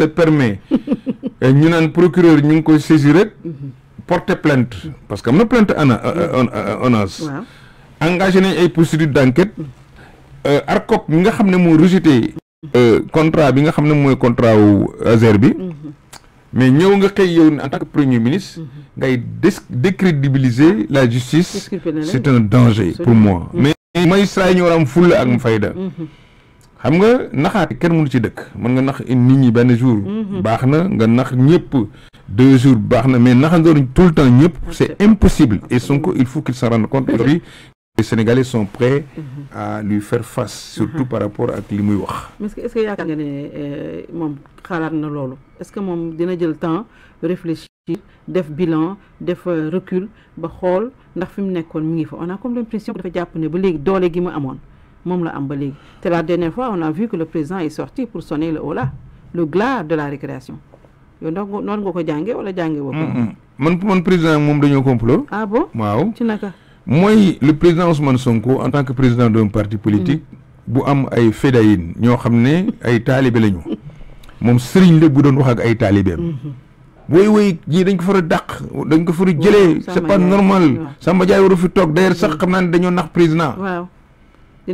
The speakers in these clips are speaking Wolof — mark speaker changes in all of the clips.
Speaker 1: se permet nous naan procureur nous ngi mhm. porter plainte parce que nous na plainte en euh, euh, euh, engagé une procédure à enquête mhm. ARCOP mi rejeté mhm. contrat bi nga xam contrat au azerbi mais nous, nga a yow en tant que premier ministre des décrédibiliser la justice c'est un danger pour moi mais magistrat m'a ñu war foule à ak xam nga naxaate kenn mënu ci dëkk mën nga nax nit ñi benn jour. Mhm. baax na nga nax ñëpp deux jours baax na mais naxandooruñ tout le temps ñëpp c'est impossible et mhm. Sonko il faut qu'il s'en rende compte aujourd'hui les Sénégalais sont prêts mhm. à lui faire face surtout par rapport ak li muy wax.
Speaker 2: que est-ce que yaakaar nga ne euh, moom xalaat na loolu est-ce que moom dina jël temps réfléchir def bilan def euh, recul ba xool ndax fi mu nekkoon mi ngi fa on a comme l'impression dafa jàpp ne ba léegi doole gi mu amoon moom la am ba la dernière fois on a vu que le président est sorti pour sonner le hola, le glas de la récréation yow ndax noonu nga wala jàngee woo ko.
Speaker 1: man man président moom dañoo complot. ah bon Wow. ci naka. le président Ousmane Sonko en tant que président d'un parti politique. Mm-hmm. bu am ay fédéyin ño xamné ay talibé lañu. moom sëriñ le bu doon wax ak ay talibé mm-hmm. woy way jii dañ ko far a dañ ko far a c'est pas normal mm-hmm. Samba Ndiaye waru fi toog d'ailleurs sax xam naa ne nax président.
Speaker 2: waaw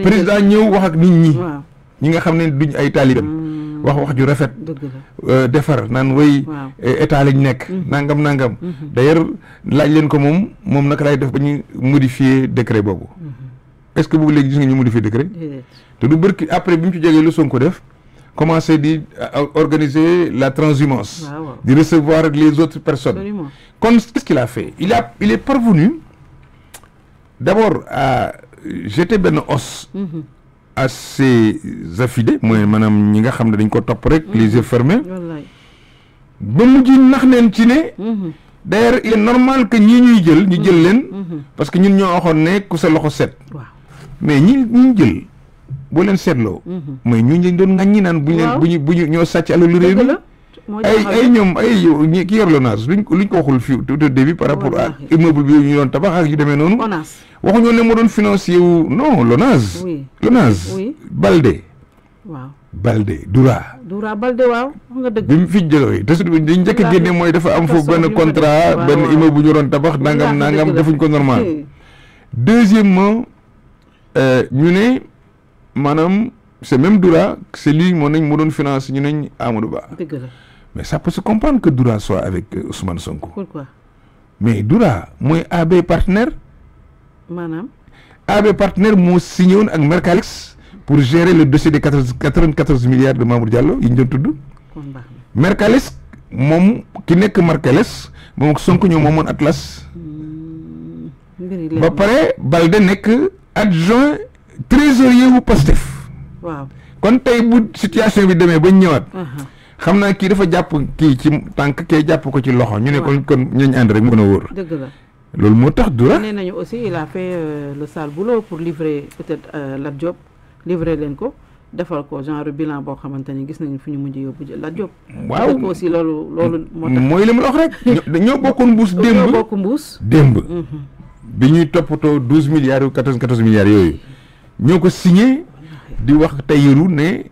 Speaker 2: président
Speaker 1: ñëw wax ak nit ñi. ñi nga xam ne duñ ay talibam hmm. wax wax ju rafet. Euh, defar naan way e, état lañ nekk. Hmm. nangam nangam. Hmm. d'ailleurs laaj leen ko moom moom naka lay def ba ñu modifier décret boobu. est-ce que boobu léegi gis nga ñu modifier décret. te du barki après bi mu ci jógee lu ko def. commencer di organiser la transhumance. di recevoir les autres personnes. kon qu'est-ce qu'il a fait il, a, il est parvenu d'abord à j'étais ben os à ses affidés mooy maanaam ñi nga xamné dañ ko top rek mhm. les yeux fermés ba mujj nax leen ci ne mhm. d'ailleurs il est normal que ñi ñuy jël ñu jël mhm. leen parce que ñun ñoo waxoon ne ku sa loxo set mais ñi ñu jël bo leen setlo mais ñu ñu doon ngañ ñi nan bu ñu leen bu ñu bu ñu ñoo sàcc alalu réew ay ay ñoom ay yow ñi ki yor l'ONAS luñ ko luñ ko waxul fi tout au début par rapport à immeuble bi ñu doon tabax ak yu demee noonu. waxuñu ne moo doon financier wu non l'ONAS.
Speaker 2: oui Balde. waaw
Speaker 1: Balde Dura.
Speaker 2: Dura Balde waaw nga
Speaker 1: dëgg. bi mu fi jëlooy te surtout dañ njëkk a mooy dafa am foofu benn contrat benn immeuble bu ñu doon tabax nangam nangam defuñ ko normal. deuxièmement euh, ñu ne euh, maanaam c'est même Dura c'est lui moo nañ moo doon finance ñu nañ Amadou Ba. dëgg la. Mais ça peut se comprendre que Doura soit avec euh, Ousmane Sonko. Pourquoi Mais Doura, moi, AB partenaire. Madame. AB partenaire, moi, signé avec Mercalix pour gérer le dossier des 94 milliards de membres Diallo. Ils ont tout Mercalix, qui n'est que Mercalix, mom, Sonko, nous, mom, Atlas. Hmm. Bah, Après, Balde n'est que adjoint trésorier ou pastef. Wow. Quand tu as une situation, de mais bonnes xam naa kii dafa jàpp kii ci tànk kee jàpp ko ci loxo ñu ne kon kon ñooñu ànd rek mën a wóor. loolu moo tax dura. nee
Speaker 2: nañu aussi il a fait euh, le sale boulot pour livrer peut-être euh, Lat leen ko defal ko genre bilan boo xamante ni gis nañu fi ñu mujj yóbbu Lat waaw aussi loolu loolu. moo mooy la mu wax rek. ñoo bokkoon mbuus démb ñoo
Speaker 1: bokk mbuus. démb. Mhm. bi ñuy toppatoo douze milliards ou quatorze quatorze milliards yooyu ñoo ko signé di wax tey ne.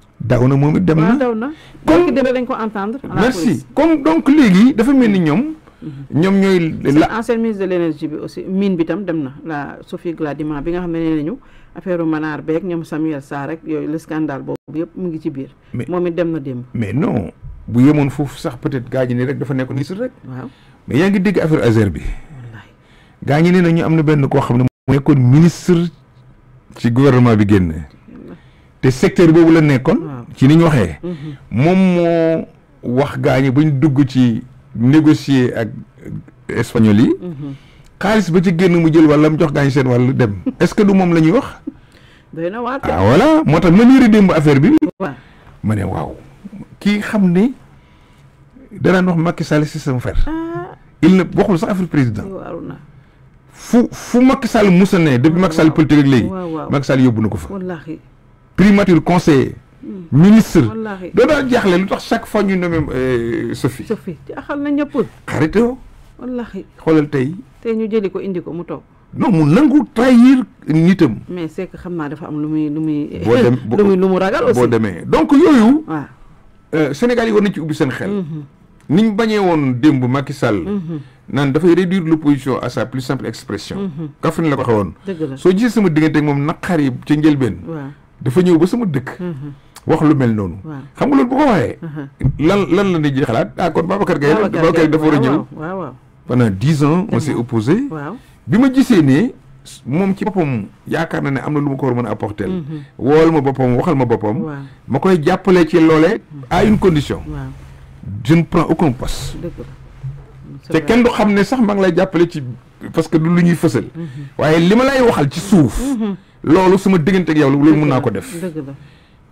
Speaker 2: merci
Speaker 1: comme donc dafa mhm.
Speaker 2: ministre de l'énergie bi aussi mine bi tam la Sophie bi nga Samuel le scandale mu ngi ci biir mais
Speaker 1: non bu mon foofu sax peut-être ne rek dafa ministre rek mais y'a ngi dégg affaire Azer bi ni nañu amna benn ministre ci gouvernement bi génné te secteur ci niñ waxé mom mo wax gaañi buñ dugg négocier ak espagnol yi. ba ci génn mu jël jox est-ce que du mom lañuy wax. Ah, voilà affaire bi. mané ne xamné dara wax Sall c'est sama ah. il ne waxul sax affaire président. fu fu Macky Sall musa depuis Macky Sall politique ak Macky Sall yobbu primature Conseil, ministre
Speaker 2: doo daal jaaxle
Speaker 1: lu chaque fois ñu euh, Sophie. Sophie
Speaker 2: jaaxal na ñëpp. xaritoo. wallaahi xoolal tey. tey ñu jëli ko indi ko mu toog.
Speaker 1: non mu nangu trahir nitam.
Speaker 2: mais c'est que xam naa dafa am lu muy lu muy. ragal aussi boo demee
Speaker 1: donc yooyu. Euh, Sénégal yi war ci ubi sen xel. Mhm. ni ñu bañee woon démb Macky Sall. Mhm. naan dafay réduire l'opposition à sa plus simple expression. Mhm. Kaffrine la ko xewoon. dëgg la soo gisee sama digënté ak nakari ci yi ben. Wa. waaw dafa ñëw ba sama dëkk wax lu mel noonu. xam nga loolu bu ko waxee. Uh-huh. lan lan la nit ñi xalaat ah kon Babacar Gueye. Babacar dafa war a ñëw waaw pendant dix ans on s'est opposé. waaw bi ma gisee ne moom ci boppam yaakaar na ne am na lu ma ko war a mën a apporter. Mm-hmm. wool ma boppam waxal ma boppam. ma koy jàppale ci loolee à une condition. je ne prends aucun poste. te kenn du xam ne sax maa ngi lay jàppale ci parce que du lu ñuy fësal. Mm-hmm. waaye li ma lay waxal ci suuf. Mm-hmm. loolu suma diggante ak yow loolu mën naa ko def.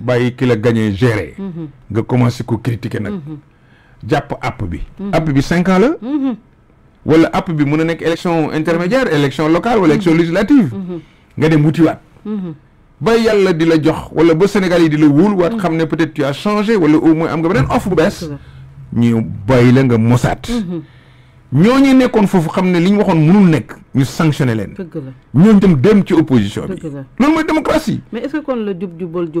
Speaker 1: bàyyi ki la gagné géré. Mhm. nga commencer à critiquer nak
Speaker 2: mhm.
Speaker 1: pas app bi. Mhm. app bi cinq ans là, wala app bi mën nek élection intermédiaire élection locale wala élection législative. nga dem wutiwaat. ba bay yalla la jox wala ba sénégalais dila wul wat xamné waat xam peut-être tu as changé wala au moins am nga beneen offre bu bees. ñu bay la nga mosaat. ñooñu nekkoon foofu xam ne li ñu sanctionner mënul nek ñu sanctionner
Speaker 2: leen.
Speaker 1: dem ci opposition bi. loolu démocratie.
Speaker 2: mais est-ce que kon le djub jubal